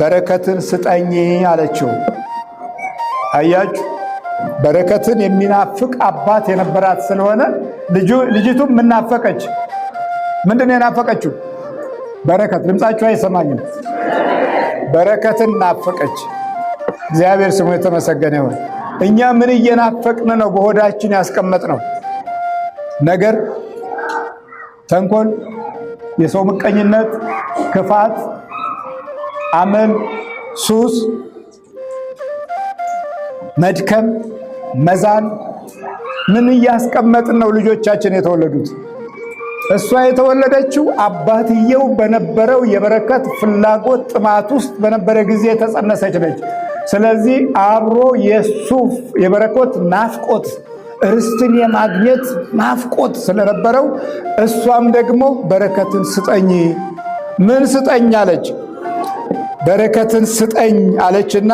በረከትን ስጠኝ አለችው። አያችሁ፣ በረከትን የሚናፍቅ አባት የነበራት ስለሆነ ልጅቱም ምናፈቀች። ምንድን ነው የናፈቀችው? በረከት። ድምፃችሁ አይሰማኝም። በረከትን ናፈቀች። እግዚአብሔር ስሙ የተመሰገነ ይሁን። እኛ ምን እየናፈቅን ነው? በሆዳችን ያስቀመጥነው ነገር፣ ተንኮል፣ የሰው ምቀኝነት፣ ክፋት አመም፣ ሱስ፣ መድከም፣ መዛል ምን እያስቀመጥን ነው ልጆቻችን የተወለዱት? እሷ የተወለደችው አባትየው በነበረው የበረከት ፍላጎት ጥማት ውስጥ በነበረ ጊዜ የተጸነሰች ነች። ስለዚህ አብሮ የሱ የበረከት ናፍቆት እርስትን የማግኘት ናፍቆት ስለነበረው እሷም ደግሞ በረከትን ስጠኝ ምን ስጠኝ አለች። በረከትን ስጠኝ አለችና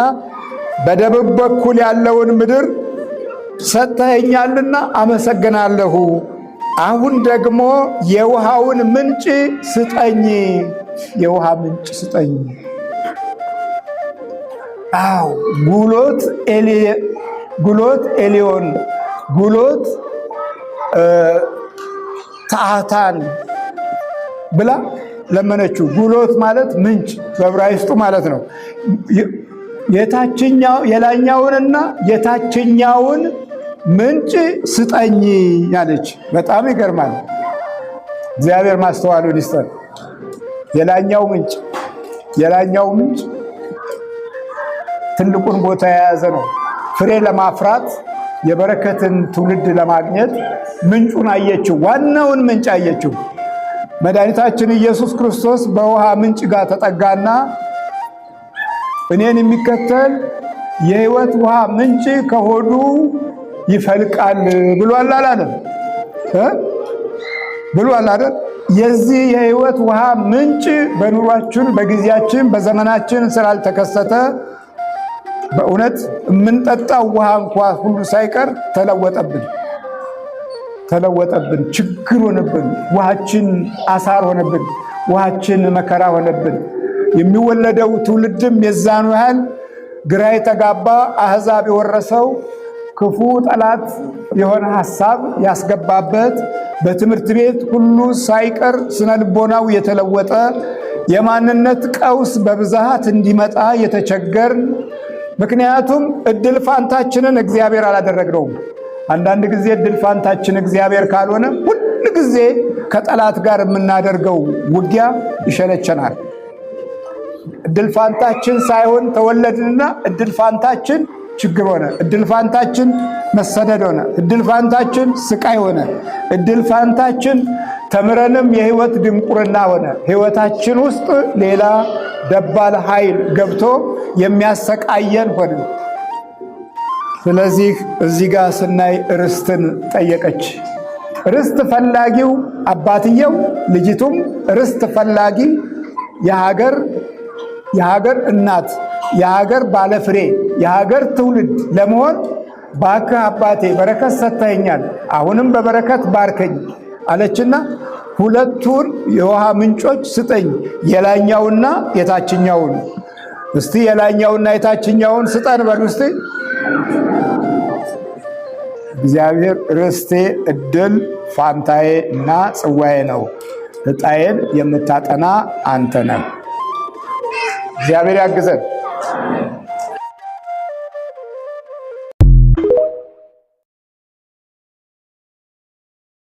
በደቡብ በኩል ያለውን ምድር ሰጥተኸኛልና አመሰግናለሁ። አሁን ደግሞ የውሃውን ምንጭ ስጠኝ፣ የውሃ ምንጭ ስጠኝ። አዎ ጉሎት ኤሊዮን ጉሎት ታህታን ብላ ለመነችው። ጉሎት ማለት ምንጭ በዕብራይስጡ ማለት ነው። የላኛውንና የታችኛውን ምንጭ ስጠኝ ያለች። በጣም ይገርማል። እግዚአብሔር ማስተዋሉን ይስጠን። የላኛው ምንጭ የላኛው ምንጭ ትልቁን ቦታ የያዘ ነው። ፍሬ ለማፍራት የበረከትን ትውልድ ለማግኘት ምንጩን አየችው። ዋናውን ምንጭ አየችው። መድኃኒታችን ኢየሱስ ክርስቶስ በውሃ ምንጭ ጋር ተጠጋና እኔን የሚከተል የህይወት ውሃ ምንጭ ከሆዱ ይፈልቃል ብሏል አላለም? ብሏል አይደል? የዚህ የህይወት ውሃ ምንጭ በኑሯችን፣ በጊዜያችን፣ በዘመናችን ስላልተከሰተ በእውነት የምንጠጣው ውሃ እንኳ ሁሉ ሳይቀር ተለወጠብን። ተለወጠብን፣ ችግር ሆነብን፣ ውሃችን አሳር ሆነብን፣ ውሃችን መከራ ሆነብን። የሚወለደው ትውልድም የዛኑ ያህል ግራ የተጋባ አህዛብ የወረሰው ክፉ ጠላት የሆነ ሀሳብ ያስገባበት በትምህርት ቤት ሁሉ ሳይቀር ስነ ልቦናው የተለወጠ የማንነት ቀውስ በብዛት እንዲመጣ የተቸገር ምክንያቱም እድል ፋንታችንን እግዚአብሔር አላደረግነውም። አንዳንድ ጊዜ ድል ፋንታችን እግዚአብሔር ካልሆነ ሁል ጊዜ ከጠላት ጋር የምናደርገው ውጊያ ይሸለቸናል። እድል ፋንታችን ሳይሆን ተወለድንና እድል ፋንታችን ችግር ሆነ፣ እድል ፋንታችን መሰደድ ሆነ፣ እድል ፋንታችን ስቃይ ሆነ፣ እድል ፋንታችን ተምረንም የህይወት ድንቁርና ሆነ። ህይወታችን ውስጥ ሌላ ደባል ኃይል ገብቶ የሚያሰቃየን ሆነ። ስለዚህ እዚህ ጋር ስናይ ርስትን ጠየቀች። ርስት ፈላጊው አባትየው፣ ልጅቱም ርስት ፈላጊ የሀገር የሀገር እናት የሀገር ባለፍሬ የሀገር ትውልድ ለመሆን ባክህ አባቴ በረከት ሰጥተኸኛል፣ አሁንም በበረከት ባርከኝ አለችና ሁለቱን የውሃ ምንጮች ስጠኝ፣ የላኛውና የታችኛውን። እስቲ የላኛውና የታችኛውን ስጠን በሉ እስቲ እግዚአብሔር ርስቴ፣ እድል ፋንታዬ እና ጽዋዬ ነው። እጣዬን የምታጠና አንተ ነህ። እግዚአብሔር ያግዘን።